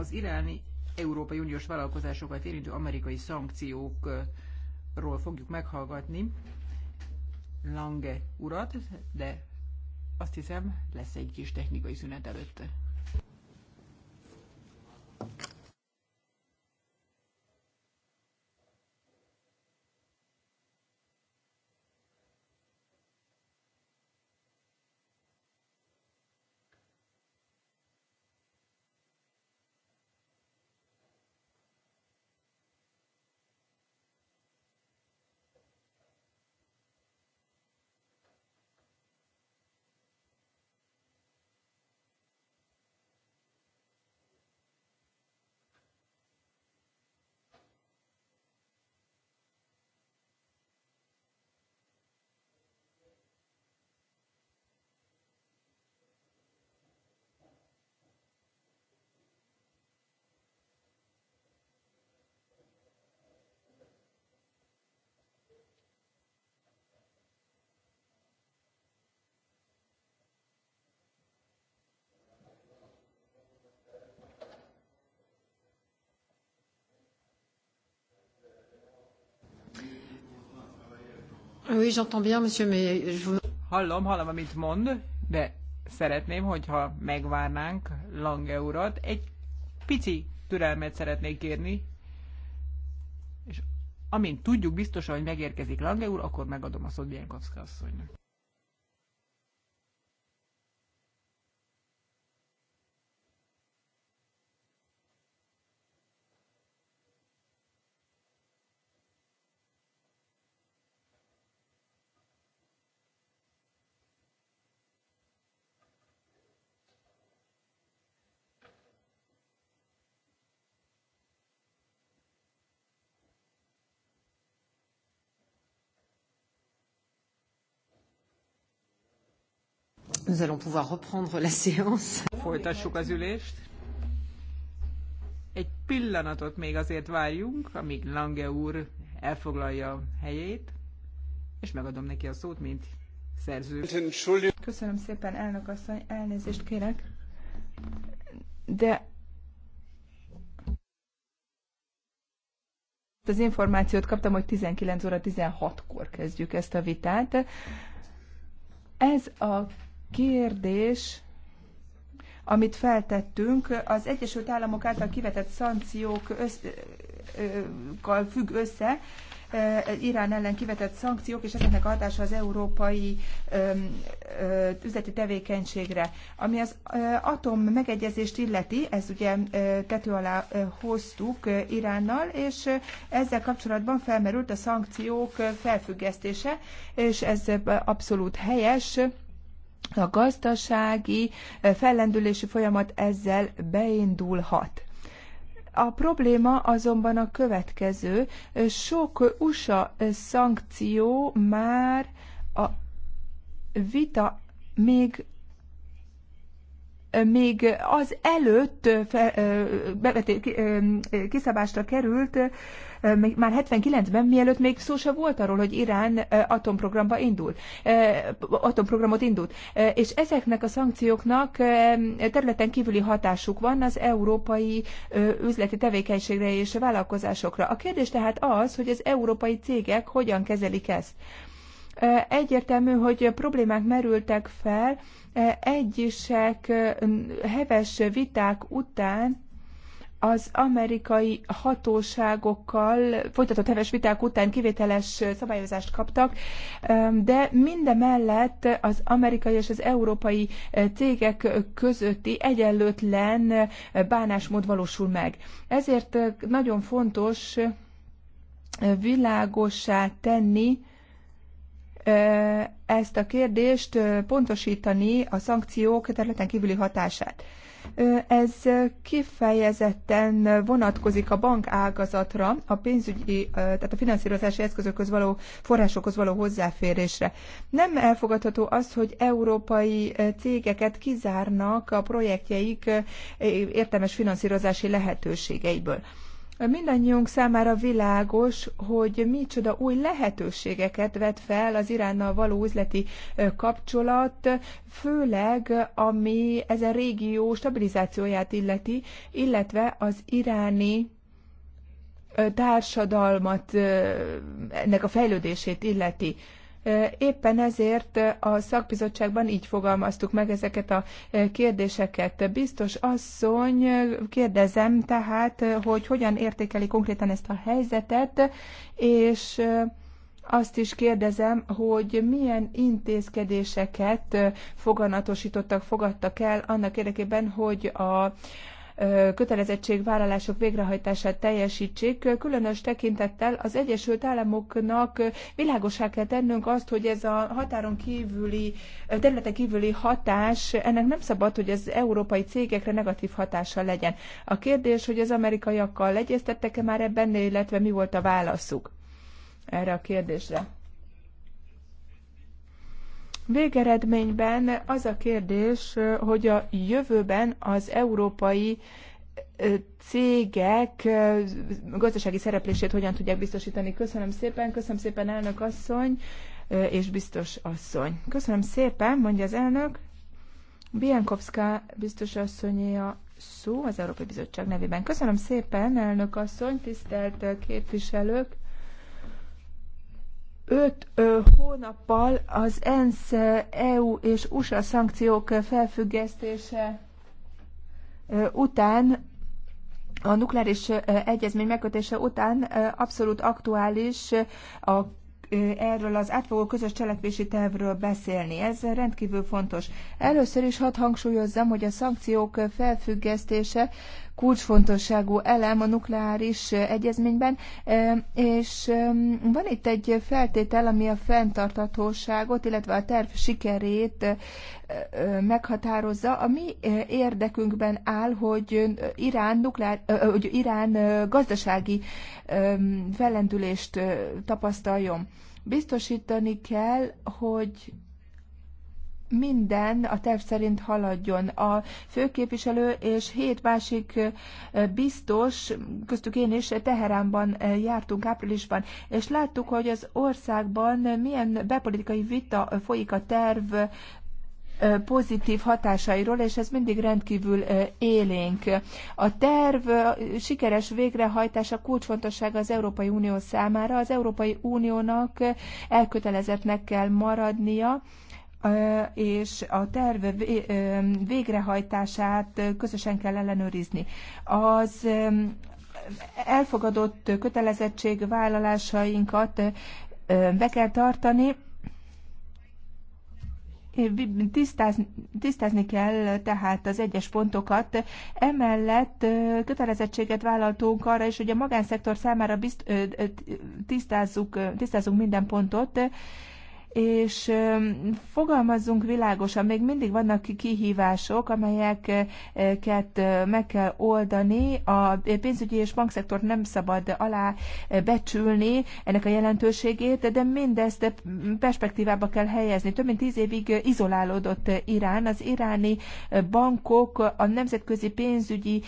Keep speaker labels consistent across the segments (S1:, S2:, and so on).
S1: az iráni Európai Uniós vállalkozásokat érintő amerikai szankciókról fogjuk meghallgatni Lange urat, de azt hiszem lesz egy kis technikai szünet előtte. Oui, j'entends bien, monsieur, mais je vous... Hallom, hallom, amit mond, de szeretném, hogyha megvárnánk Lange urat. Egy pici türelmet szeretnék kérni, és amint tudjuk biztosan, hogy megérkezik Lange úr, akkor megadom a szót Bienkowska asszonynak. Nous allons pouvoir reprendre la séance. Folytassuk az ülést. Egy pillanatot még azért várjunk, amíg Lange úr elfoglalja a helyét, és megadom neki a szót, mint szerző.
S2: Köszönöm szépen, elnök asszony, elnézést kérek, de az információt kaptam, hogy 19 óra 16-kor kezdjük ezt a vitát. Ez a kérdés, amit feltettünk, az Egyesült Államok által kivetett szankciókkal függ össze, Irán ellen kivetett szankciók, és ezeknek a hatása az európai ö, üzleti tevékenységre. Ami az ö, atom megegyezést illeti, ez ugye ö, tető alá ö, hoztuk ö, Iránnal, és ö, ezzel kapcsolatban felmerült a szankciók ö, felfüggesztése, és ez ö, abszolút helyes a gazdasági fellendülési folyamat ezzel beindulhat. A probléma azonban a következő, sok USA szankció már a vita még még az előtt kiszabásra került, már 79-ben, mielőtt még szó se volt arról, hogy Irán atomprogramba indult, atomprogramot indult. És ezeknek a szankcióknak területen kívüli hatásuk van az európai üzleti tevékenységre és vállalkozásokra. A kérdés tehát az, hogy az európai cégek hogyan kezelik ezt. Egyértelmű, hogy problémák merültek fel egyisek heves viták után, az amerikai hatóságokkal folytatott heves viták után kivételes szabályozást kaptak, de mindemellett az amerikai és az európai cégek közötti egyenlőtlen bánásmód valósul meg. Ezért nagyon fontos világossá tenni, ezt a kérdést pontosítani a szankciók területen kívüli hatását. Ez kifejezetten vonatkozik a bankágazatra, a pénzügyi, tehát a finanszírozási eszközökhöz való forrásokhoz való hozzáférésre. Nem elfogadható az, hogy európai cégeket kizárnak a projektjeik értelmes finanszírozási lehetőségeiből. Mindannyiunk számára világos, hogy micsoda új lehetőségeket vet fel az Iránnal való üzleti kapcsolat, főleg ami ezen régió stabilizációját illeti, illetve az iráni társadalmat, ennek a fejlődését illeti. Éppen ezért a szakbizottságban így fogalmaztuk meg ezeket a kérdéseket. Biztos asszony, kérdezem tehát, hogy hogyan értékeli konkrétan ezt a helyzetet, és azt is kérdezem, hogy milyen intézkedéseket foganatosítottak, fogadtak el annak érdekében, hogy a kötelezettségvállalások végrehajtását teljesítsék, különös tekintettel az Egyesült Államoknak világosá kell tennünk azt, hogy ez a határon kívüli, területen kívüli hatás, ennek nem szabad, hogy az európai cégekre negatív hatással legyen. A kérdés, hogy az amerikaiakkal egyeztettek-e már ebben, illetve mi volt a válaszuk erre a kérdésre. Végeredményben az a kérdés, hogy a jövőben az európai cégek gazdasági szereplését hogyan tudják biztosítani. Köszönöm szépen, köszönöm szépen elnök asszony és biztos asszony. Köszönöm szépen, mondja az elnök. Bienkowska biztos asszonyé a szó az Európai Bizottság nevében. Köszönöm szépen, elnök asszony, tisztelt képviselők öt ö, hónappal az ENSZ, EU és USA szankciók felfüggesztése ö, után a nukleáris egyezmény megkötése után abszolút aktuális a erről az átfogó közös cselekvési tervről beszélni. Ez rendkívül fontos. Először is hadd hangsúlyozzam, hogy a szankciók felfüggesztése kulcsfontosságú elem a nukleáris egyezményben, és van itt egy feltétel, ami a fenntartatóságot, illetve a terv sikerét meghatározza. A mi érdekünkben áll, hogy Irán, nukleár, hogy Irán gazdasági fellendülést tapasztaljon. Biztosítani kell, hogy minden a terv szerint haladjon. A főképviselő és hét másik biztos, köztük én is, Teheránban jártunk áprilisban, és láttuk, hogy az országban milyen belpolitikai vita folyik a terv pozitív hatásairól, és ez mindig rendkívül élénk. A terv sikeres végrehajtása kulcsfontossága az Európai Unió számára. Az Európai Uniónak elkötelezettnek kell maradnia, és a terv végrehajtását közösen kell ellenőrizni. Az elfogadott vállalásainkat be kell tartani, Tisztázni, tisztázni kell tehát az egyes pontokat. Emellett kötelezettséget vállaltunk arra is, hogy a magánszektor számára bizt, tisztázzuk, tisztázzunk minden pontot, és fogalmazzunk világosan, még mindig vannak kihívások, amelyeket meg kell oldani. A pénzügyi és bankszektort nem szabad alá becsülni ennek a jelentőségét, de mindezt perspektívába kell helyezni. Több mint tíz évig izolálódott Irán. Az iráni bankok a nemzetközi pénzügyi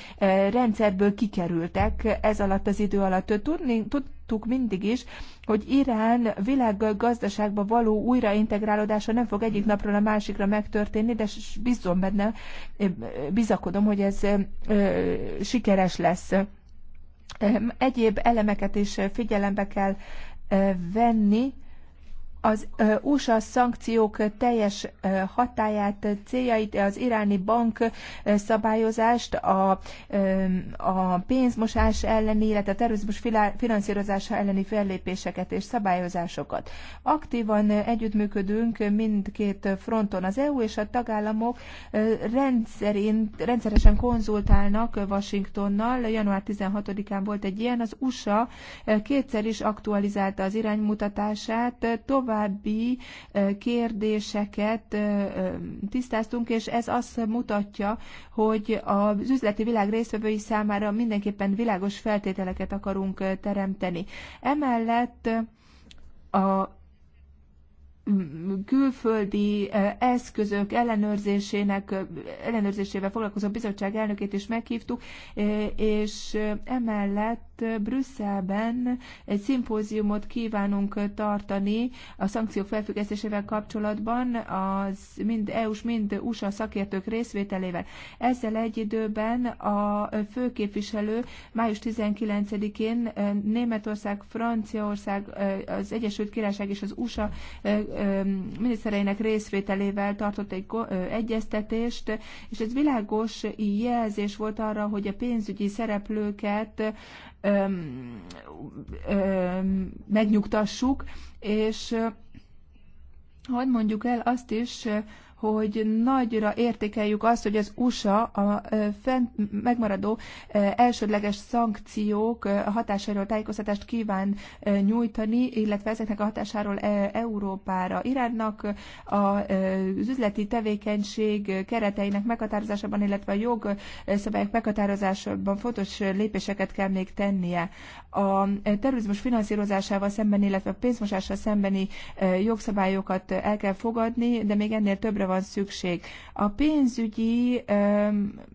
S2: rendszerből kikerültek ez alatt az idő alatt. Tudni, tud, mondtuk mindig is, hogy Irán világgazdaságba való újraintegrálódása nem fog egyik napról a másikra megtörténni, de bizom benne, bizakodom, hogy ez sikeres lesz. Egyéb elemeket is figyelembe kell venni, az USA szankciók teljes hatáját, céljait, az iráni bank szabályozást, a, a pénzmosás elleni, illetve a terrorizmus finanszírozása elleni fellépéseket és szabályozásokat. Aktívan együttműködünk mindkét fronton. Az EU és a tagállamok rendszerint, rendszeresen konzultálnak Washingtonnal. Január 16-án volt egy ilyen. Az USA kétszer is aktualizálta az iránymutatását, tovább további kérdéseket tisztáztunk, és ez azt mutatja, hogy az üzleti világ résztvevői számára mindenképpen világos feltételeket akarunk teremteni. Emellett a külföldi eszközök ellenőrzésének, ellenőrzésével foglalkozó bizottság elnökét is meghívtuk, és emellett Brüsszelben egy szimpóziumot kívánunk tartani a szankciók felfüggesztésével kapcsolatban, az mind EU-s, mind USA szakértők részvételével. Ezzel egy időben a főképviselő május 19-én eh, Németország, Franciaország, eh, az Egyesült Királyság és az USA eh, minisztereinek részvételével tartott egy egyeztetést, és ez világos jelzés volt arra, hogy a pénzügyi szereplőket öm, öm, megnyugtassuk, és hadd mondjuk el azt is, hogy nagyra értékeljük azt, hogy az USA a fent megmaradó elsődleges szankciók hatásáról tájékoztatást kíván nyújtani, illetve ezeknek a hatásáról Európára. Iránnak az üzleti tevékenység kereteinek meghatározásában, illetve a jogszabályok meghatározásában fontos lépéseket kell még tennie. A terrorizmus finanszírozásával szemben, illetve a pénzmosással szembeni jogszabályokat el kell fogadni, de még ennél többre van szükség. A pénzügyi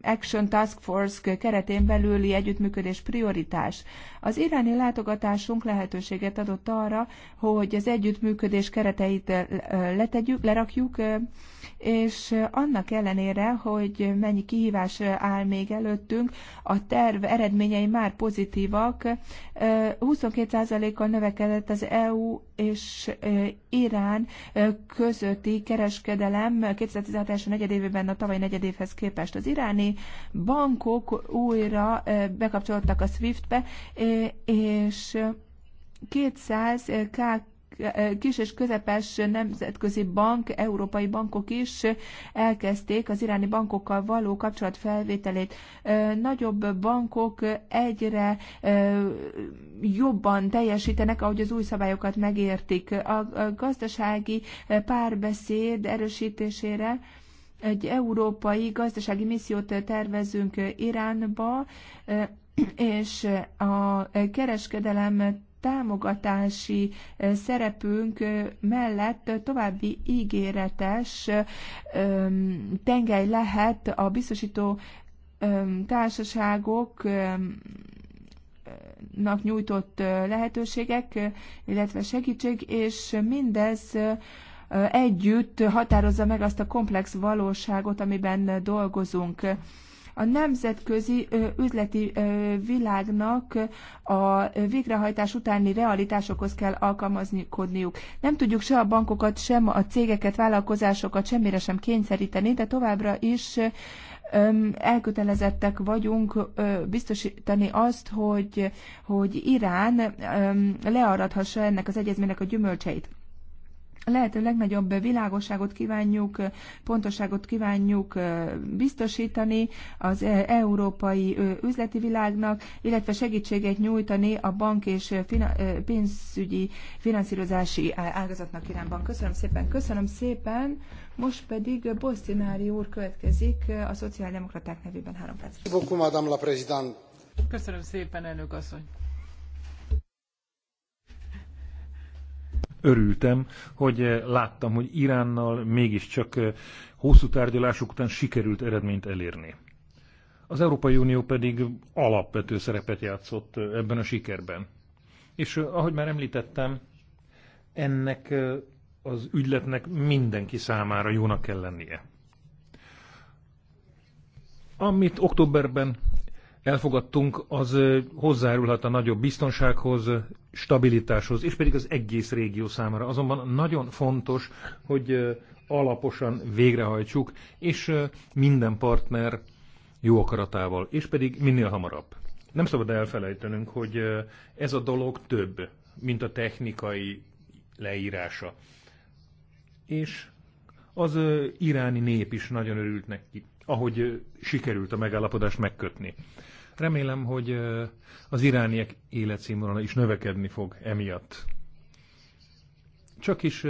S2: Action Task Force keretén belüli együttműködés prioritás. Az iráni látogatásunk lehetőséget adott arra, hogy az együttműködés kereteit eh, letegyük, lerakjuk, eh, és annak ellenére, hogy mennyi kihívás áll még előttünk, a terv eredményei már pozitívak. 22%-kal növekedett az EU és Irán közötti kereskedelem 2016 es negyedévében a tavaly negyedévhez képest. Az iráni bankok újra bekapcsolódtak a SWIFT-be, és 200 KK kis és közepes nemzetközi bank, európai bankok is elkezdték az iráni bankokkal való kapcsolatfelvételét. Nagyobb bankok egyre jobban teljesítenek, ahogy az új szabályokat megértik. A gazdasági párbeszéd erősítésére egy európai gazdasági missziót tervezünk Iránba, és a kereskedelem támogatási szerepünk mellett további ígéretes tengely lehet a biztosító társaságoknak nyújtott lehetőségek, illetve segítség, és mindez együtt határozza meg azt a komplex valóságot, amiben dolgozunk. A nemzetközi üzleti világnak a végrehajtás utáni realitásokhoz kell alkalmazkodniuk. Nem tudjuk se a bankokat, sem a cégeket, vállalkozásokat semmire sem kényszeríteni, de továbbra is elkötelezettek vagyunk biztosítani azt, hogy, hogy Irán learadhassa ennek az egyezménynek a gyümölcseit lehető legnagyobb világosságot kívánjuk, pontoságot kívánjuk biztosítani az európai üzleti világnak, illetve segítséget nyújtani a bank és pénzügyi finanszírozási ágazatnak irányban. Köszönöm szépen, köszönöm szépen. Most pedig Bosztinári úr következik a szociáldemokraták nevében három
S3: perc. Köszönöm szépen, elnök asszony.
S4: örültem, hogy eh, láttam, hogy Iránnal mégiscsak eh, hosszú tárgyalások után sikerült eredményt elérni. Az Európai Unió pedig alapvető szerepet játszott eh, ebben a sikerben. És ahogy már említettem, ennek az ügyletnek mindenki számára jónak kell lennie. Amit októberben elfogadtunk, az hozzájárulhat a nagyobb biztonsághoz, stabilitáshoz, és pedig az egész régió számára. Azonban nagyon fontos, hogy alaposan végrehajtsuk, és minden partner jó akaratával, és pedig minél hamarabb. Nem szabad elfelejtenünk, hogy ez a dolog több, mint a technikai leírása. És az iráni nép is nagyon örült neki, ahogy sikerült a megállapodást megkötni. Remélem, hogy az irániek életszínvonala is növekedni fog emiatt. Csak is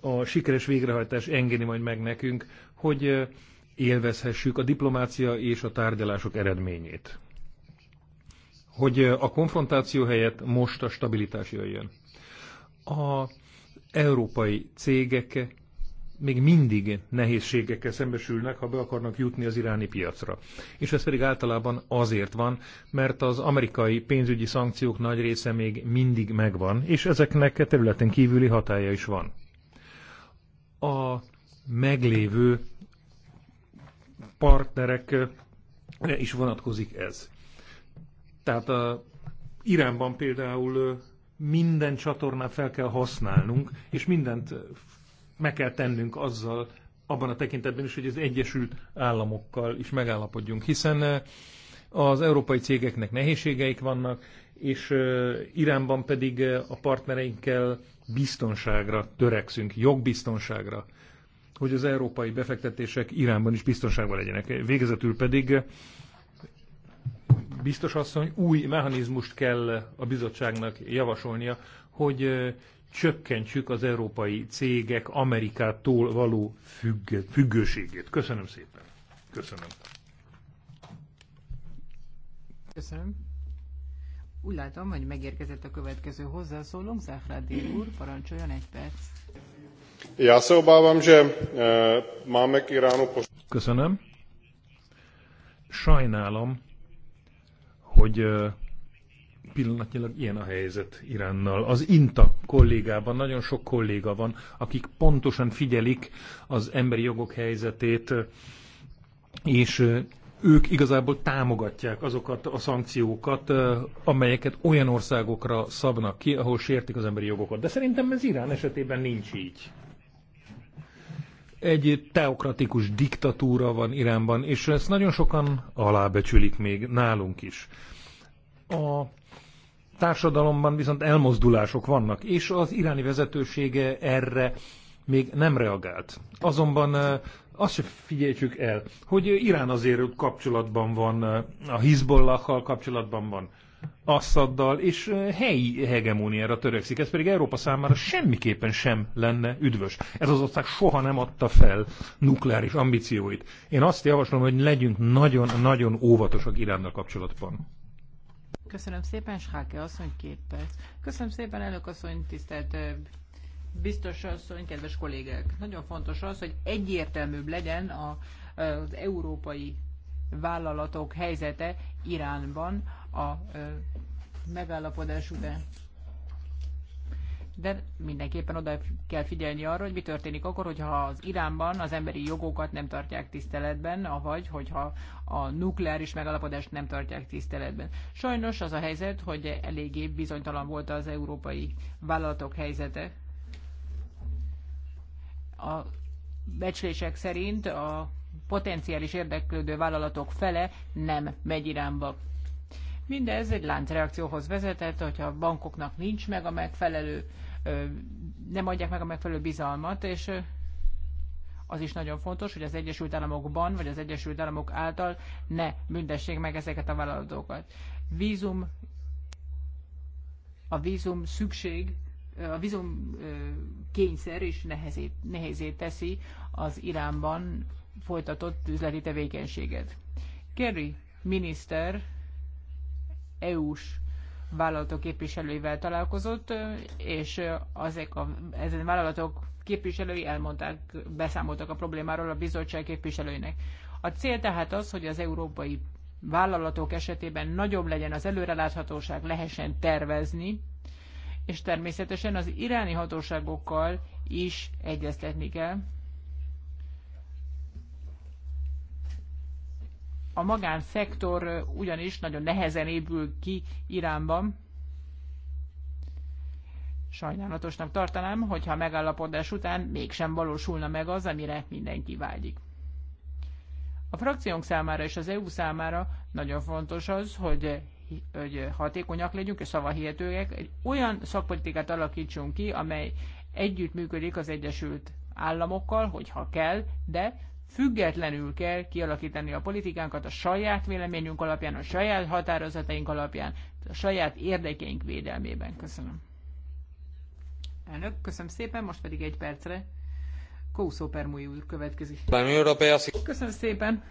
S4: a sikeres végrehajtás engedi majd meg nekünk, hogy élvezhessük a diplomácia és a tárgyalások eredményét. Hogy a konfrontáció helyett most a stabilitás jöjjön. A európai cégek még mindig nehézségekkel szembesülnek, ha be akarnak jutni az iráni piacra. És ez pedig általában azért van, mert az amerikai pénzügyi szankciók nagy része még mindig megvan, és ezeknek területen kívüli hatája is van. A meglévő partnerek eh, is vonatkozik ez. Tehát a eh, Iránban például eh, minden csatornát fel kell használnunk, és mindent meg kell tennünk azzal, abban a tekintetben is, hogy az Egyesült Államokkal is megállapodjunk, hiszen eh, az európai cégeknek nehézségeik vannak, és eh, Iránban pedig eh, a partnereinkkel biztonságra törekszünk, jogbiztonságra, hogy az európai befektetések Iránban is biztonságban legyenek. Végezetül pedig biztos asszony új mechanizmust kell a bizottságnak javasolnia, hogy csökkentsük az európai cégek Amerikától való függ, függőségét. Köszönöm szépen. Köszönöm.
S1: Köszönöm. Úgy látom, hogy megérkezett a következő hozzászólónk, Záhrádér úr, parancsoljon egy perc.
S4: Já se obávám, že e, máme k Iránu... Köszönöm. Sajnálom, hogy eh, pillanatnyilag ilyen a helyzet Iránnal. Az INTA kollégában nagyon sok kolléga van, akik pontosan figyelik az emberi jogok helyzetét, és ők igazából támogatják azokat a szankciókat, amelyeket olyan országokra szabnak ki, ahol sértik az emberi jogokat. De szerintem ez Irán esetében nincs így. Egy teokratikus diktatúra van Iránban, és ezt nagyon sokan alábecsülik még nálunk is. A társadalomban viszont elmozdulások vannak, és az iráni vezetősége erre még nem reagált. Azonban azt se figyeljük el, hogy Irán azért kapcsolatban van, a Hizbollahkal kapcsolatban van, Assaddal, és helyi hegemóniára törekszik. Ez pedig Európa számára semmiképpen sem lenne üdvös. Ez az ország soha nem adta fel nukleáris ambícióit. Én azt javaslom, hogy legyünk nagyon-nagyon óvatosak Iránnal kapcsolatban.
S1: Köszönöm szépen, Sáke asszony, két perc. Köszönöm szépen, elnök asszony, tisztelt biztos asszony, kedves kollégák. Nagyon fontos az, hogy egyértelműbb legyen a, az európai vállalatok helyzete Iránban a megállapodás után de mindenképpen oda kell figyelni arra, hogy mi történik akkor, hogyha az Iránban az emberi jogokat nem tartják tiszteletben, avagy hogyha a nukleáris megalapodást nem tartják tiszteletben. Sajnos az a helyzet, hogy eléggé bizonytalan volt az európai vállalatok helyzete. A becslések szerint a potenciális érdeklődő vállalatok fele nem megy Iránba. Mindez egy láncreakcióhoz vezetett, hogyha a bankoknak nincs meg a megfelelő nem adják meg a megfelelő bizalmat, és az is nagyon fontos, hogy az Egyesült Államokban, vagy az Egyesült Államok által ne büntessék meg ezeket a vállalatokat. Vízum, a vízum szükség, a vízum kényszer is nehezé, nehézé teszi az Iránban folytatott üzleti tevékenységet. Kerry miniszter EU-s vállalatok képviselőivel találkozott, és ezek a, ezen vállalatok képviselői elmondták, beszámoltak a problémáról a bizottság képviselőinek. A cél tehát az, hogy az európai vállalatok esetében nagyobb legyen az előreláthatóság, lehessen tervezni, és természetesen az iráni hatóságokkal is egyeztetni kell. A magánszektor ugyanis nagyon nehezen épül ki Iránban. Sajnálatosnak tartanám, hogyha a megállapodás után mégsem valósulna meg az, amire mindenki vágyik. A frakciónk számára és az EU számára nagyon fontos az, hogy hogy hatékonyak legyünk és szavahihetőek, egy olyan szakpolitikát alakítsunk ki, amely együttműködik az Egyesült Államokkal, hogyha kell, de függetlenül kell kialakítani a politikánkat a saját véleményünk alapján, a saját határozataink alapján, a saját érdekeink védelmében. Köszönöm. Elnök, köszönöm szépen, most pedig egy percre. Kószó Permúj úr következik. Köszönöm szépen.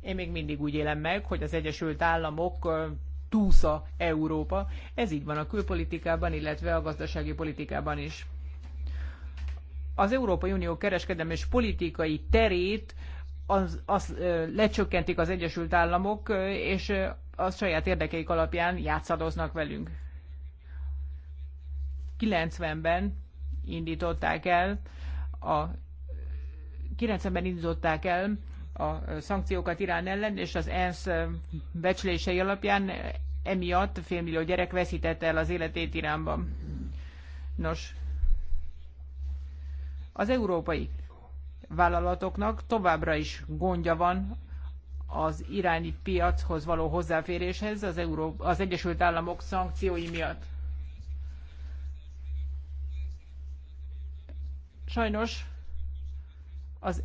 S1: Én még mindig úgy élem meg, hogy az Egyesült Államok túsza Európa. Ez így van a külpolitikában, illetve a gazdasági politikában is az Európai Unió kereskedelmi és politikai terét az, az, lecsökkentik az Egyesült Államok, és a saját érdekeik alapján játszadoznak velünk. 90-ben indították el a 90-ben indították el a szankciókat Irán ellen, és az ENSZ becslései alapján emiatt félmillió gyerek veszítette el az életét Iránban. Nos, az európai vállalatoknak továbbra is gondja van az iráni piachoz való hozzáféréshez az, Euró- az Egyesült Államok szankciói miatt. Sajnos, az,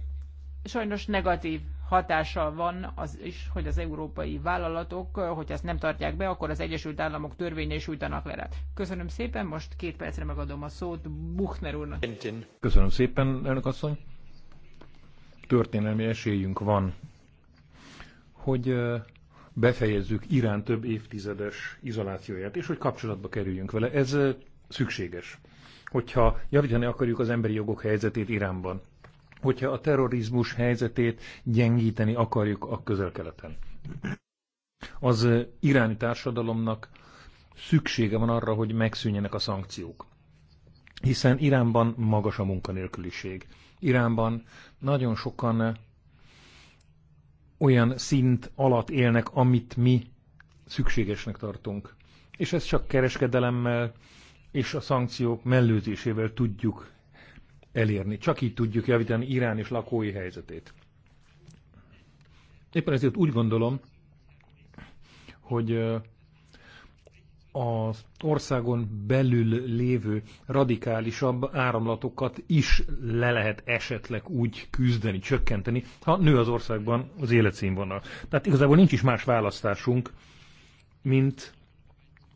S1: sajnos negatív hatással van az is, hogy az európai vállalatok, eh, hogy ezt nem tartják be, akkor az Egyesült Államok törvénye is újtanak le rá. Köszönöm szépen, most két percre megadom a szót Buchner úrnak.
S4: Köszönöm szépen, elnök asszony. Történelmi esélyünk van, hogy eh, befejezzük Irán több évtizedes izolációját, és hogy kapcsolatba kerüljünk vele. Ez eh, szükséges, hogyha javítani akarjuk az emberi jogok helyzetét Iránban hogyha a terrorizmus helyzetét gyengíteni akarjuk a közel-keleten. Az iráni társadalomnak szüksége van arra, hogy megszűnjenek a szankciók. Hiszen Iránban magas a munkanélküliség. Iránban nagyon sokan olyan szint alatt élnek, amit mi szükségesnek tartunk. És ezt csak kereskedelemmel és a szankciók mellőzésével tudjuk elérni. Csak így tudjuk javítani Irán és lakói helyzetét. Éppen ezért úgy gondolom, hogy az országon belül lévő radikálisabb áramlatokat is le lehet esetleg úgy küzdeni, csökkenteni, ha nő az országban az életszínvonal. Tehát igazából nincs is más választásunk, mint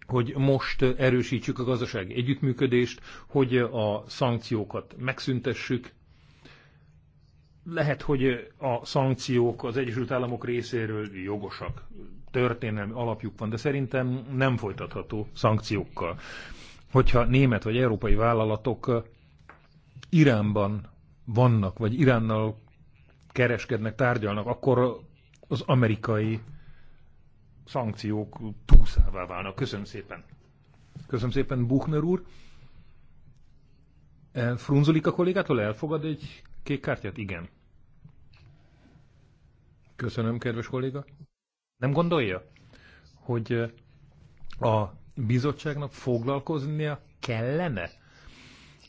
S4: hogy most erősítsük a gazdasági együttműködést, hogy a szankciókat megszüntessük. Lehet, hogy a szankciók az Egyesült Államok részéről jogosak, történelmi alapjuk van, de szerintem nem folytatható szankciókkal. Hogyha német vagy európai vállalatok Iránban vannak, vagy Iránnal kereskednek, tárgyalnak, akkor az amerikai szankciók túlszává válnak. Köszönöm szépen. Köszönöm szépen, Buchner úr. E, a kollégától elfogad egy kék kártyát? Igen. Köszönöm, kedves kolléga. Nem gondolja, hogy e, a bizottságnak foglalkoznia kellene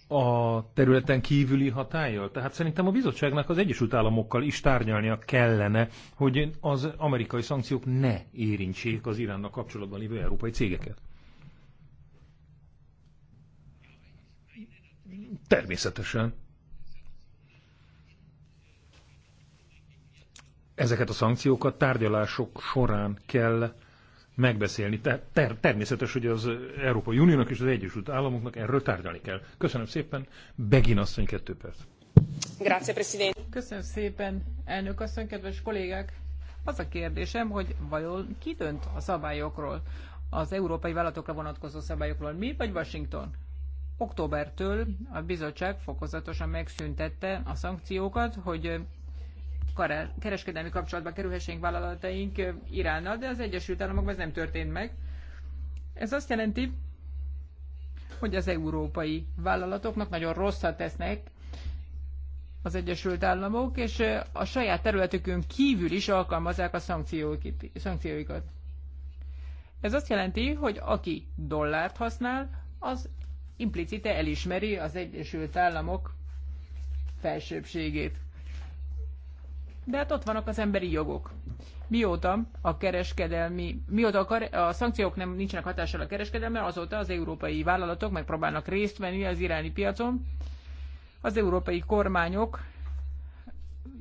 S4: a területen kívüli hatállyal? Tehát szerintem a bizottságnak az Egyesült Államokkal is tárgyalnia kellene, hogy az amerikai szankciók ne érintsék az Iránnak kapcsolatban lévő európai cégeket. Természetesen. Ezeket a szankciókat tárgyalások során kell megbeszélni. Ter- ter- természetes, hogy az Európai Uniónak és az Egyesült Államoknak erről tárgyalni kell. Köszönöm szépen. Begin asszony, kettő perc.
S1: Grazie, President. Köszönöm szépen, elnök asszony, kedves kollégák. Az a kérdésem, hogy vajon ki dönt a szabályokról, az európai vállalatokra vonatkozó szabályokról, mi vagy Washington? Októbertől a bizottság fokozatosan megszüntette a szankciókat, hogy kereskedelmi kapcsolatba kerülhessenek vállalataink Iránnal, de az Egyesült Államokban ez nem történt meg. Ez azt jelenti, hogy az európai vállalatoknak nagyon rosszat tesznek az Egyesült Államok, és a saját területükön kívül is alkalmazzák a szankcióikat. Ez azt jelenti, hogy aki dollárt használ, az implicite elismeri az Egyesült Államok felsőbségét. De hát ott vannak az emberi jogok. Mióta a kereskedelmi, mióta a, a szankciók nem nincsenek hatással a kereskedelme, azóta az európai vállalatok megpróbálnak részt venni az iráni piacon. Az európai kormányok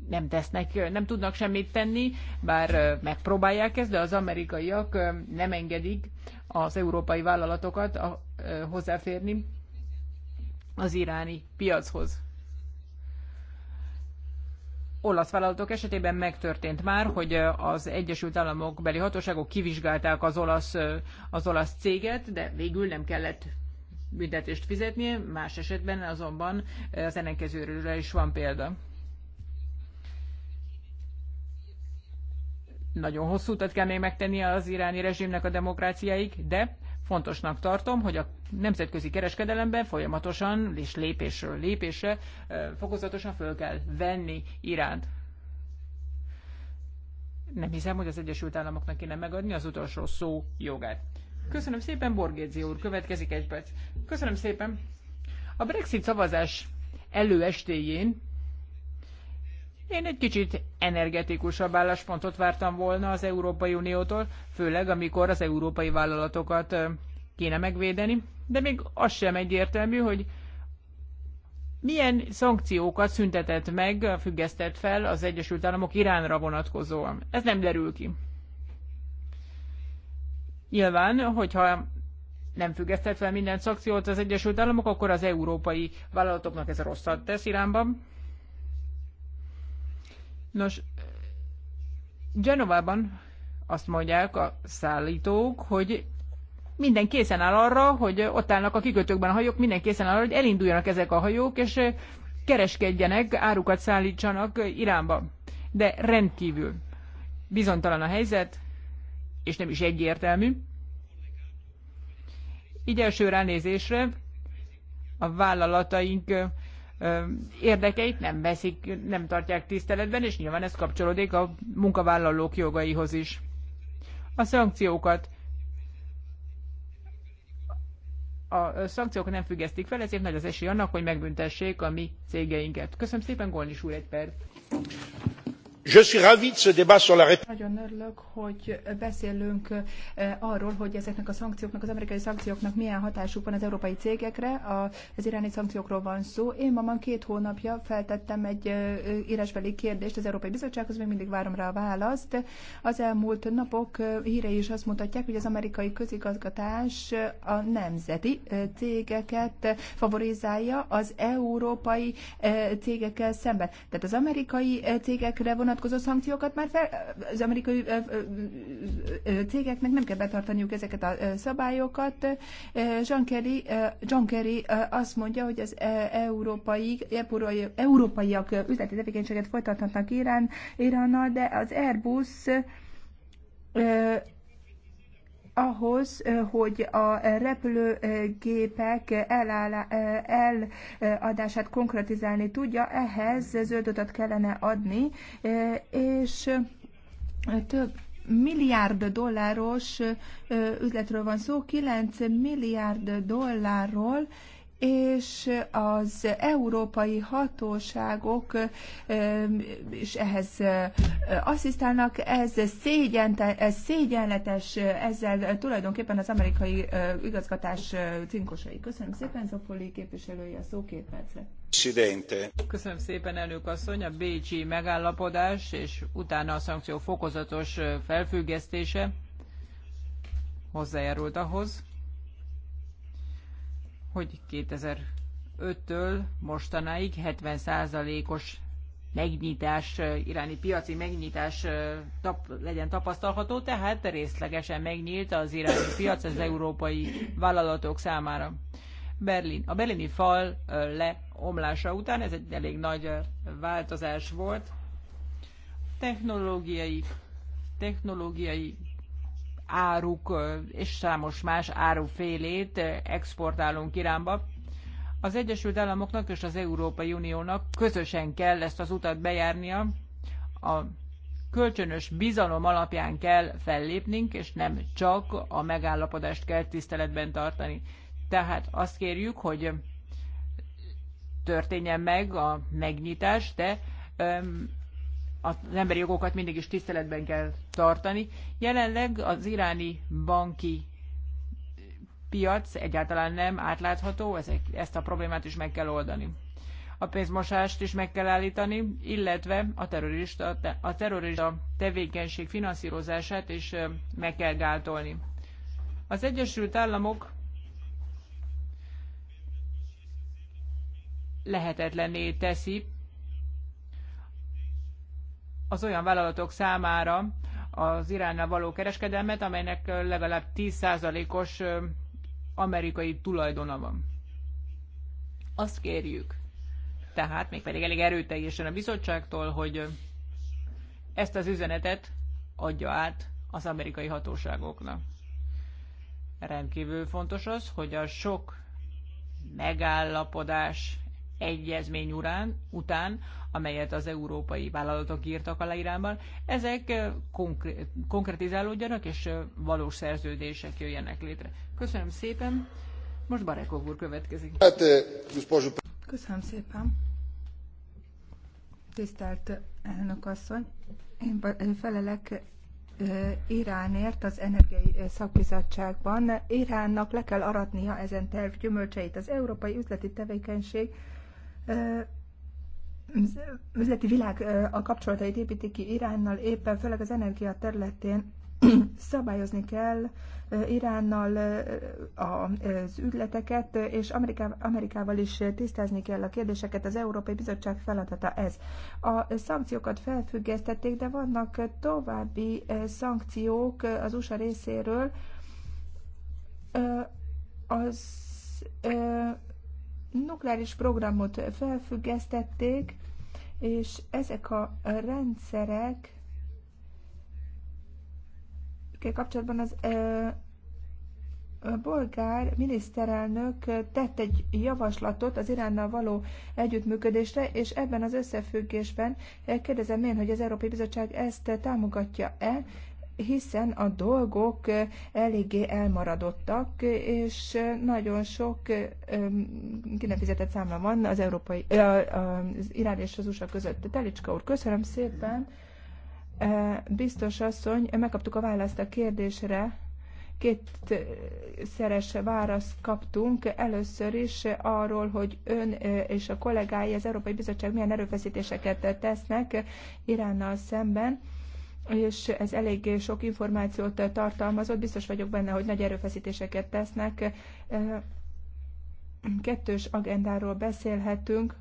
S1: nem tesznek, nem tudnak semmit tenni, bár megpróbálják ezt, de az amerikaiak nem engedik az európai vállalatokat hozzáférni az iráni piachoz olasz vállalatok esetében megtörtént már, hogy az Egyesült Államok beli hatóságok kivizsgálták az olasz, az olasz céget, de végül nem kellett büntetést fizetni, más esetben azonban az ellenkezőről is van példa. Nagyon hosszú utat kell még megtenni az iráni rezsimnek a demokráciáig, de fontosnak tartom, hogy a nemzetközi kereskedelemben folyamatosan és lépésről lépésre fokozatosan föl kell venni Iránt. Nem hiszem, hogy az Egyesült Államoknak kéne megadni az utolsó szó jogát. Köszönöm szépen, Borgézi úr. Következik egy perc. Köszönöm szépen. A Brexit szavazás előestéjén én egy kicsit energetikusabb álláspontot vártam volna az Európai Uniótól, főleg amikor az európai vállalatokat kéne megvédeni, de még az sem egyértelmű, hogy milyen szankciókat szüntetett meg, függesztett fel az Egyesült Államok Iránra vonatkozóan. Ez nem derül ki. Nyilván, hogyha nem függesztett fel minden szankciót az Egyesült Államok, akkor az európai vállalatoknak ez rosszat tesz Iránban, Nos, Genovában azt mondják a szállítók, hogy minden készen áll arra, hogy ott állnak a kikötőkben a hajók, minden készen áll arra, hogy elinduljanak ezek a hajók, és eh, kereskedjenek, árukat szállítsanak Iránba. De rendkívül bizontalan a helyzet, és nem is egyértelmű. Így első ránézésre a vállalataink eh, érdekeit nem veszik, nem tartják tiszteletben, és nyilván ez kapcsolódik a munkavállalók jogaihoz is. A szankciókat a szankciókat nem függesztik fel, ezért nagy az esély annak, hogy megbüntessék a mi cégeinket. Köszönöm szépen, Golnis
S3: úr, egy perc. Nagyon
S1: örülök, hogy
S2: beszélünk eh, arról, hogy ezeknek a szankcióknak, az amerikai szankcióknak milyen hatásuk van az európai cégekre. Az iráni szankciókról van szó. Én ma két hónapja feltettem egy eh, eh, írásbeli kérdést az Európai Bizottsághoz, még mindig várom rá a választ. Az elmúlt napok hírei is azt mutatják, hogy az amerikai közigazgatás a nemzeti cégeket favorizálja az európai cégekkel szemben. Tehát az amerikai cégekre vonatkozóan vonatkozó szankciókat már fel, az amerikai cégeknek nem kell betartaniuk ezeket a szabályokat. John Kerry, John Kerry azt mondja, hogy az európai, európaiak üzleti tevékenységet folytathatnak Irán, Iránnal, de az Airbus ahhoz, hogy a repülőgépek eladását konkretizálni tudja, ehhez zöldötöt kellene adni, és több milliárd dolláros üzletről van szó, 9 milliárd dollárról, és az európai hatóságok is ehhez asszisztálnak. Ez, szégyen, ez szégyenletes, ezzel tulajdonképpen az amerikai igazgatás cinkosai. Köszönöm szépen, Zopoli képviselője, a szó két
S1: percre. Köszönöm szépen, elnök asszony, a Bécsi megállapodás, és utána a szankció fokozatos felfüggesztése hozzájárult ahhoz, hogy 2005-től mostanáig 70%-os megnyitás, eh, iráni piaci megnyitás eh, tap, legyen tapasztalható, tehát részlegesen megnyílt az iráni piac az európai vállalatok számára. Berlin. A berlini fal eh, leomlása után ez egy elég nagy változás volt. Technológiai, technológiai áruk és számos más árufélét exportálunk Iránba. Az Egyesült Államoknak és az Európai Uniónak közösen kell ezt az utat bejárnia, a kölcsönös bizalom alapján kell fellépnünk, és nem csak a megállapodást kell tiszteletben tartani. Tehát azt kérjük, hogy történjen meg a megnyitás, de az emberi jogokat mindig is tiszteletben kell tartani. Jelenleg az iráni banki piac egyáltalán nem átlátható, ezek, ezt a problémát is meg kell oldani. A pénzmosást is meg kell állítani, illetve a terrorista, a terrorista tevékenység finanszírozását is meg kell gátolni. Az Egyesült Államok lehetetlenné teszi az olyan vállalatok számára az Iránnal való kereskedelmet, amelynek legalább 10%-os amerikai tulajdona van. Azt kérjük, tehát még pedig elég erőteljesen a bizottságtól, hogy ezt az üzenetet adja át az amerikai hatóságoknak. Rendkívül fontos az, hogy a sok megállapodás egyezmény urán, után, amelyet az európai vállalatok írtak alá ezek konkrét, konkretizálódjanak, és valós szerződések jöjjenek létre. Köszönöm szépen. Most Barekov úr következik. Hát,
S2: Köszönöm szépen. Tisztelt elnök asszony, én felelek Iránért az Energiai Szakbizottságban. Iránnak le kell aratnia ezen terv gyümölcseit. Az európai üzleti tevékenység üzleti világ a kapcsolatait építi ki Iránnal, éppen főleg az energia területén szabályozni kell Iránnal az ügyleteket, és Amerikával is tisztázni kell a kérdéseket. Az Európai Bizottság feladata ez. A szankciókat felfüggesztették, de vannak további szankciók az USA részéről. Az nukleáris programot felfüggesztették, és ezek a rendszerek kapcsolatban az a bolgár miniszterelnök tett egy javaslatot az Iránnal való együttműködésre, és ebben az összefüggésben kérdezem én, hogy az Európai Bizottság ezt támogatja-e, hiszen a dolgok eléggé elmaradottak, és nagyon sok kinefizetett számla van az, európai, az Irán és az USA között. Telicska úr, köszönöm szépen. Biztos asszony, megkaptuk a választ a kérdésre, kétszeres választ kaptunk. Először is arról, hogy ön és a kollégái az Európai Bizottság milyen erőfeszítéseket tesznek Iránnal szemben és ez elég sok információt tartalmazott, biztos vagyok benne, hogy nagy erőfeszítéseket tesznek. Kettős agendáról beszélhetünk,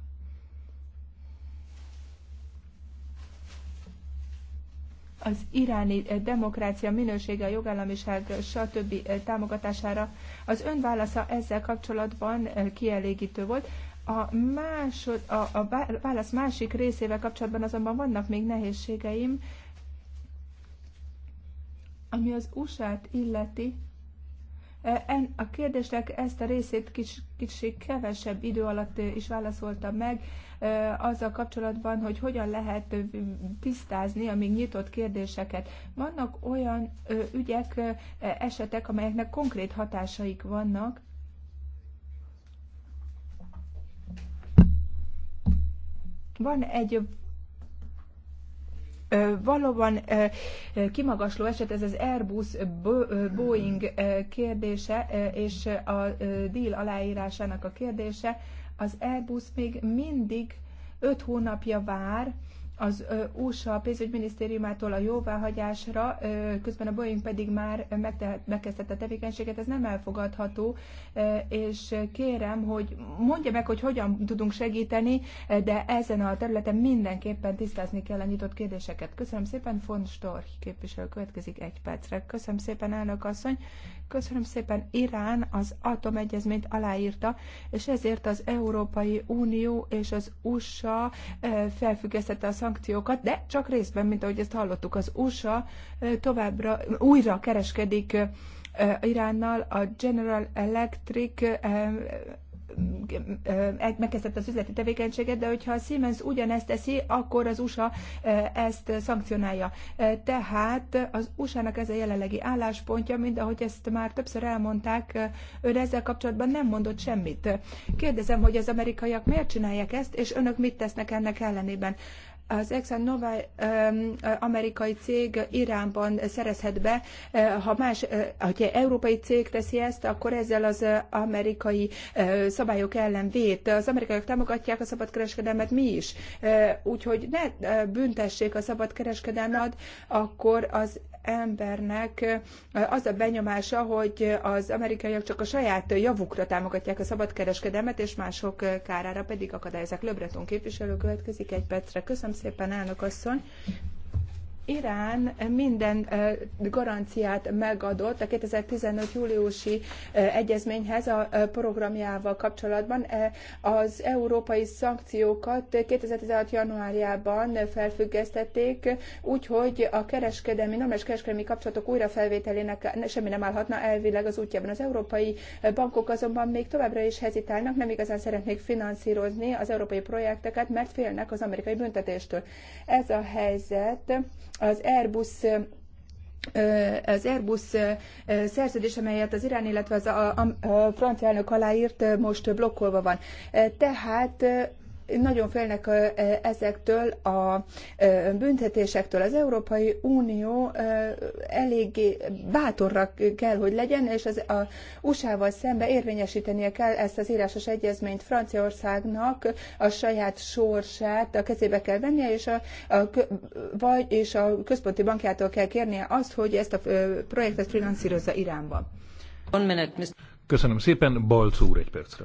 S2: az iráni demokrácia minősége, a jogállamiság, stb. támogatására. Az ön válasza ezzel kapcsolatban kielégítő volt. A, másod, a, a válasz másik részével kapcsolatban azonban vannak még nehézségeim. Ami az USA-t illeti, e, a kérdésnek ezt a részét kis, kicsi kevesebb idő alatt is válaszolta meg, e, azzal kapcsolatban, hogy hogyan lehet tisztázni a még nyitott kérdéseket. Vannak olyan ügyek, esetek, amelyeknek konkrét hatásaik vannak, van egy Valóban kimagasló eset ez az Airbus Boeing kérdése és a deal aláírásának a kérdése. Az Airbus még mindig öt hónapja vár az USA pénzügyminisztériumától a jóváhagyásra, közben a Boeing pedig már megkezdett a tevékenységet, ez nem elfogadható, és kérem, hogy mondja meg, hogy hogyan tudunk segíteni, de ezen a területen mindenképpen tisztázni kell a nyitott kérdéseket. Köszönöm szépen, von Storch képviselő következik egy percre. Köszönöm szépen, elnök asszony, Köszönöm szépen, Irán az atomegyezményt aláírta, és ezért az Európai Unió és az USA eh, felfüggesztette a szankciókat, de csak részben, mint ahogy ezt hallottuk, az USA eh, továbbra újra kereskedik eh, Iránnal a General Electric megkezdett az üzleti tevékenységet, de hogyha a Siemens ugyanezt teszi, akkor az USA ezt szankcionálja. Tehát az USA-nak ez a jelenlegi álláspontja, mind ahogy ezt már többször elmondták, ön ezzel kapcsolatban nem mondott semmit. Kérdezem, hogy az amerikaiak miért csinálják ezt, és önök mit tesznek ennek ellenében? az Exxon Nova amerikai cég Iránban szerezhet be, ha más, ha európai cég teszi ezt, akkor ezzel az amerikai szabályok ellen vét. Az amerikaiak támogatják a szabadkereskedelmet, mi is. Úgyhogy ne büntessék a szabadkereskedelmet, akkor az embernek az a benyomása, hogy az amerikaiak csak a saját javukra támogatják a szabadkereskedelmet, és mások kárára pedig akadályozzák. Löbreton képviselő következik egy percre. Köszönöm szépen, elnök asszony. Irán minden garanciát megadott a 2015. júliusi egyezményhez a programjával kapcsolatban. Az európai szankciókat 2016. januárjában felfüggesztették, úgyhogy a kereskedelmi, normális kereskedelmi kapcsolatok újrafelvételének semmi nem állhatna elvileg az útjában. Az európai bankok azonban még továbbra is hezitálnak, nem igazán szeretnék finanszírozni az európai projekteket, mert félnek az amerikai büntetéstől. Ez a helyzet az Airbus az Airbus szerződés, amelyet az Irán, illetve az a, a, a francia elnök aláírt, most blokkolva van. Tehát nagyon félnek ezektől a büntetésektől. Az Európai Unió eléggé bátorra kell, hogy legyen, és az a USA-val szembe érvényesítenie kell ezt az írásos egyezményt Franciaországnak a saját sorsát a kezébe kell vennie, és a, a, vagy, és a központi bankjától kell kérnie azt, hogy ezt a projektet finanszírozza Iránban.
S4: Köszönöm szépen, Balc úr egy percre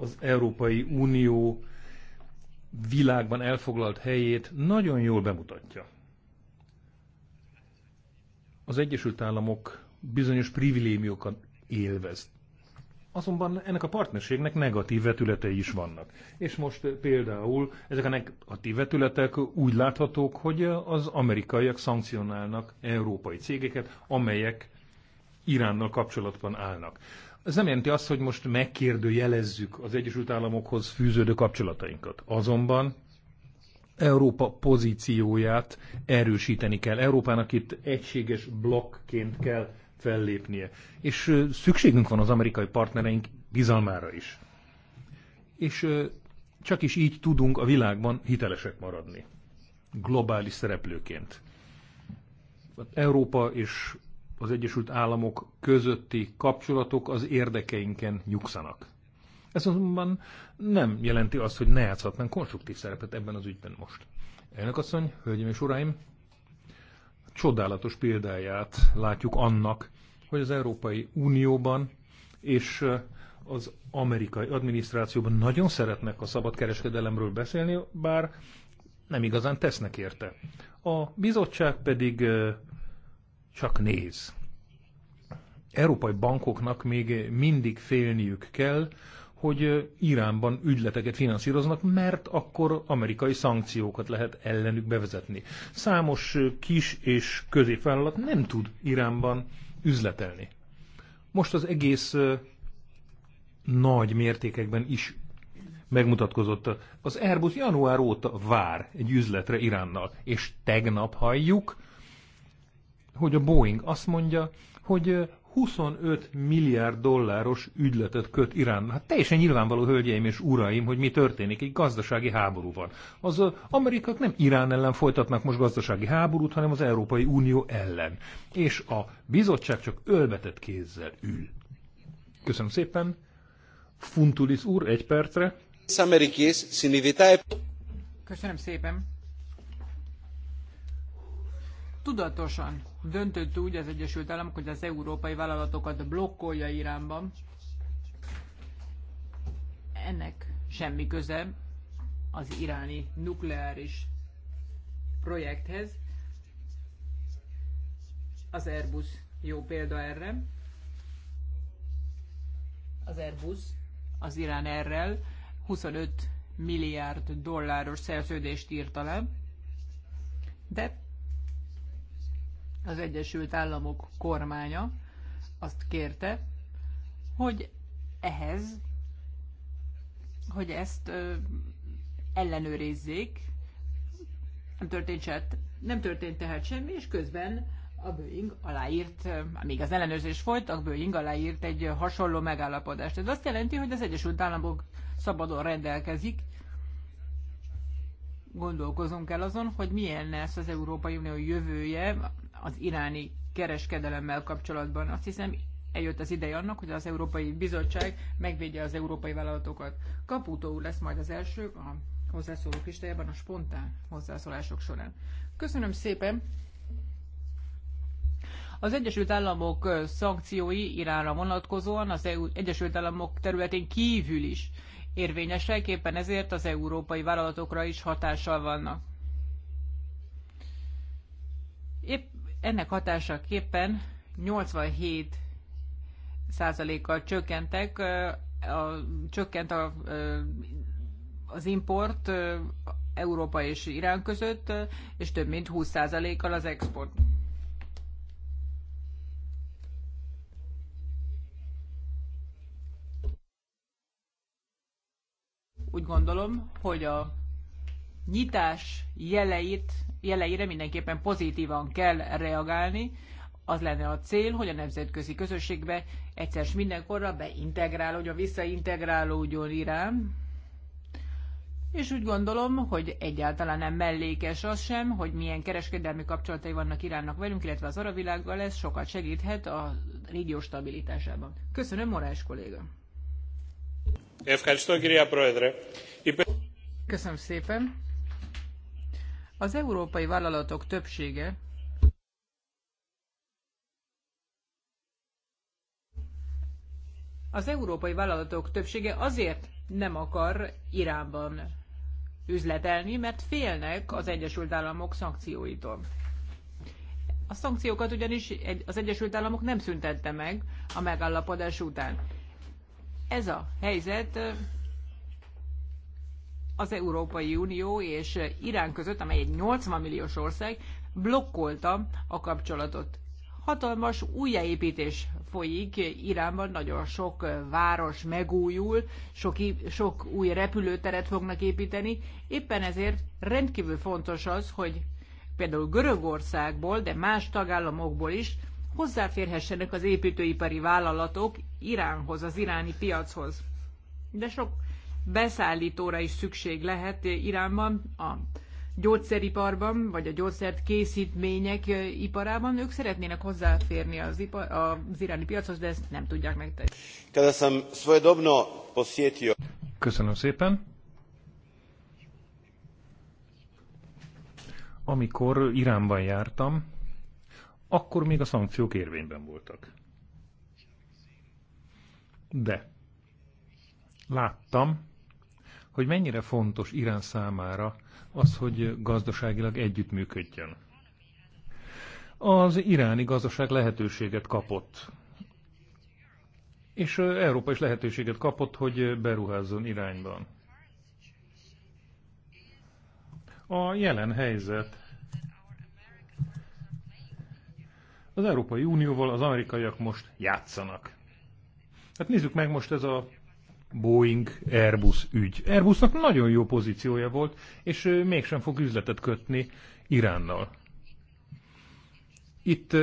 S4: az Európai Unió világban elfoglalt helyét nagyon jól bemutatja. Az Egyesült Államok bizonyos privilémiókat élvez. Azonban ennek a partnerségnek negatív vetületei is vannak. És most eh, például ezek a negatív vetületek úgy láthatók, hogy eh, az amerikaiak szankcionálnak európai cégeket, amelyek Iránnal kapcsolatban állnak. Ez nem jelenti azt, hogy most megkérdőjelezzük az Egyesült Államokhoz fűződő kapcsolatainkat. Azonban Európa pozícióját erősíteni kell. Európának itt egységes blokkként kell fellépnie. És szükségünk van az amerikai partnereink bizalmára is. És csak is így tudunk a világban hitelesek maradni. Globális szereplőként. Európa és az Egyesült Államok közötti kapcsolatok az érdekeinken nyugszanak. Ez azonban nem jelenti azt, hogy ne játszhatnánk konstruktív szerepet ebben az ügyben most. Elnök asszony, hölgyeim és uraim, csodálatos példáját látjuk annak, hogy az Európai Unióban és eh, az amerikai adminisztrációban nagyon szeretnek a szabadkereskedelemről beszélni, bár nem igazán tesznek érte. A bizottság pedig eh, csak néz. Európai bankoknak még mindig félniük kell, hogy Iránban ügyleteket finanszíroznak, mert akkor amerikai szankciókat lehet ellenük bevezetni. Számos kis és középvállalat nem tud Iránban üzletelni. Most az egész nagy mértékekben is megmutatkozott. Az Airbus január óta vár egy üzletre Iránnal, és tegnap halljuk, hogy a Boeing azt mondja, hogy 25 milliárd dolláros ügyletet köt Irán. Hát teljesen nyilvánvaló, hölgyeim és uraim, hogy mi történik egy gazdasági háborúban. Az amerikak nem Irán ellen folytatnak most gazdasági háborút, hanem az Európai Unió ellen. És a bizottság csak ölbetett kézzel ül. Köszönöm szépen. Funtulis úr, egy percre.
S1: Köszönöm szépen. Tudatosan döntött úgy az Egyesült Államok, hogy az európai vállalatokat blokkolja Iránban. Ennek semmi köze az iráni nukleáris projekthez. Az Airbus jó példa erre. Az Airbus az Irán errel 25 milliárd dolláros szerződést írta le, de az Egyesült Államok kormánya azt kérte, hogy ehhez, hogy ezt ö, ellenőrizzék, nem történt, se, nem történt tehát semmi, és közben a Boeing aláírt, amíg az ellenőrzés folyt, a Boeing aláírt egy hasonló megállapodást. Ez azt jelenti, hogy az Egyesült Államok szabadon rendelkezik, gondolkozunk el azon, hogy milyen lesz az Európai Unió jövője az iráni kereskedelemmel kapcsolatban. Azt hiszem, eljött az ideje annak, hogy az Európai Bizottság megvédje az európai vállalatokat. Kaputó úr lesz majd az első a hozzászólók listájában a spontán hozzászólások során. Köszönöm szépen! Az Egyesült Államok szankciói Iránra vonatkozóan az EU, Egyesült Államok területén kívül is érvényesek, éppen ezért az európai vállalatokra is hatással vannak. Épp ennek hatásaképpen 87 kal csökkentek, a, csökkent a, az import Európa és Irán között, és több mint 20 kal az export. Úgy gondolom, hogy a nyitás jeleit, jeleire mindenképpen pozitívan kell reagálni. Az lenne a cél, hogy a nemzetközi közösségbe egyszer s mindenkorra beintegrálódjon, visszaintegrálódjon Irán. És úgy gondolom, hogy egyáltalán nem mellékes az sem, hogy milyen kereskedelmi kapcsolatai vannak Iránnak velünk, illetve az arab világgal, ez sokat segíthet a régió stabilitásában. Köszönöm, Morás kolléga! Köszönöm szépen! Az európai vállalatok többsége az európai vállalatok többsége azért nem akar Iránban üzletelni, mert félnek az Egyesült Államok szankcióitól. A szankciókat ugyanis az Egyesült Államok nem szüntette meg a megállapodás után. Ez a helyzet az Európai Unió és Irán között, amely egy 80 milliós ország, blokkolta a kapcsolatot. Hatalmas újjáépítés folyik Iránban, nagyon sok város megújul, sok, sok új repülőteret fognak építeni. Éppen ezért rendkívül fontos az, hogy például Görögországból, de más tagállamokból is hozzáférhessenek az építőipari vállalatok Iránhoz, az iráni piachoz. De sok beszállítóra is szükség lehet Iránban, a gyógyszeriparban, vagy a gyógyszert készítmények iparában. Ők szeretnének hozzáférni az, ipar, az iráni piachoz, de ezt nem tudják megtenni.
S4: Köszönöm szépen. Amikor Iránban jártam, akkor még a szankciók érvényben voltak. De láttam, hogy mennyire fontos Irán számára az, hogy gazdaságilag együttműködjön. Az iráni gazdaság lehetőséget kapott, és Európa is lehetőséget kapott, hogy beruházzon irányban. A jelen helyzet az Európai Unióval az amerikaiak most játszanak. Hát nézzük meg most ez a Boeing-Airbus ügy. Airbusnak nagyon jó pozíciója volt, és mégsem fog üzletet kötni Iránnal. Itt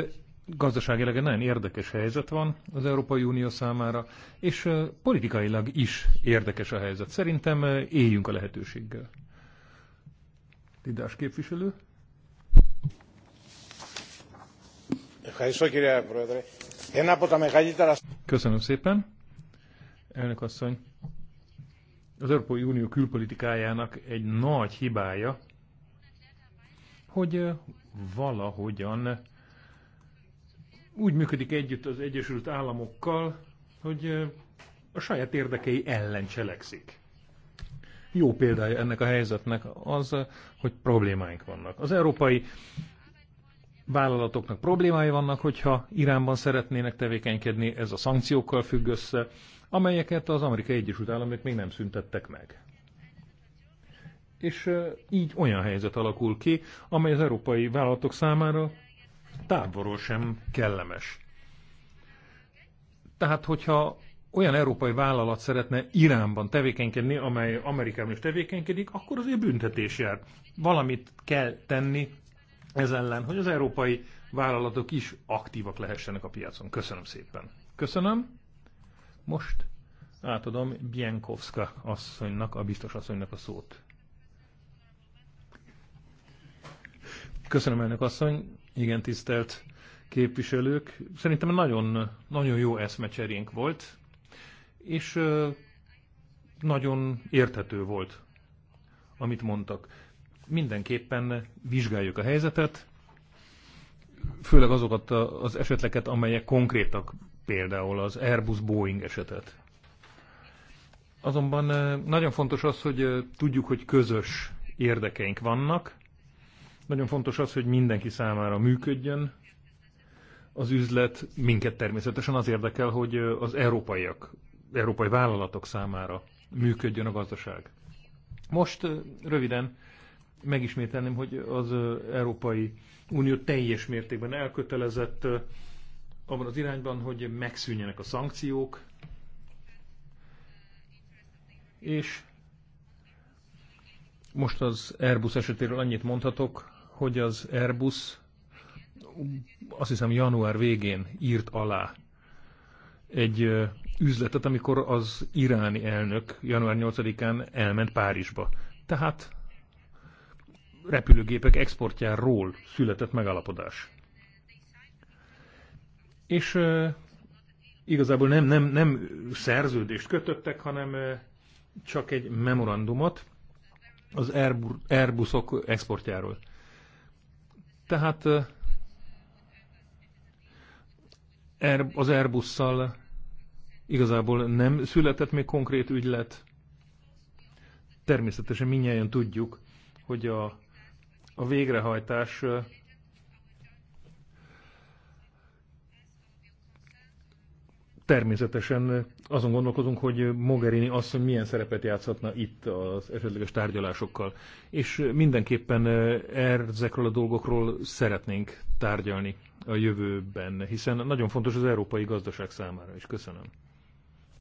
S4: gazdaságilag egy nagyon érdekes helyzet van az Európai Unió számára, és politikailag is érdekes a helyzet. Szerintem éljünk a lehetőséggel. Tidás képviselő. Köszönöm szépen. Elnök asszony, az Európai Unió külpolitikájának egy nagy hibája, hogy valahogyan úgy működik együtt az Egyesült Államokkal, hogy a saját érdekei ellen cselekszik. Jó példája ennek a helyzetnek az, hogy problémáink vannak. Az európai vállalatoknak problémái vannak, hogyha Iránban szeretnének tevékenykedni, ez a szankciókkal függ össze, amelyeket az Amerikai Egyesült Államok még nem szüntettek meg. És így olyan helyzet alakul ki, amely az európai vállalatok számára távolról sem kellemes. Tehát, hogyha olyan európai vállalat szeretne Iránban tevékenykedni, amely Amerikában is tevékenykedik, akkor azért büntetés jár. Valamit kell tenni ez ellen, hogy az európai vállalatok is aktívak lehessenek a piacon. Köszönöm szépen. Köszönöm. Most átadom Bienkowska asszonynak, a biztos asszonynak a szót. Köszönöm, elnök asszony. Igen, tisztelt képviselők. Szerintem nagyon, nagyon jó eszmecserénk volt, és nagyon érthető volt, amit mondtak. Mindenképpen vizsgáljuk a helyzetet, főleg azokat az esetleket, amelyek konkrétak például az Airbus-Boeing esetet. Azonban eh, nagyon fontos az, hogy eh, tudjuk, hogy közös érdekeink vannak. Nagyon fontos az, hogy mindenki számára működjön az üzlet. Minket természetesen az érdekel, hogy eh, az európaiak, európai vállalatok számára működjön a gazdaság. Most röviden megismételném, hogy az Európai Unió teljes mértékben elkötelezett abban az irányban, hogy megszűnjenek a szankciók, és most az Airbus esetéről annyit mondhatok, hogy az Airbus azt hiszem január végén írt alá egy üzletet, amikor az iráni elnök január 8-án elment Párizsba. Tehát repülőgépek exportjáról született megalapodás. És uh, igazából nem, nem, nem szerződést kötöttek, hanem uh, csak egy memorandumot az Airbusok exportjáról. Tehát uh, az Airbusszal igazából nem született még konkrét ügylet. Természetesen minnyáján tudjuk, hogy a, a végrehajtás természetesen azon gondolkozunk, hogy Mogherini asszony milyen szerepet játszhatna itt az esetleges tárgyalásokkal. És mindenképpen ezekről a dolgokról szeretnénk tárgyalni a jövőben, hiszen nagyon fontos az európai gazdaság számára is. Köszönöm.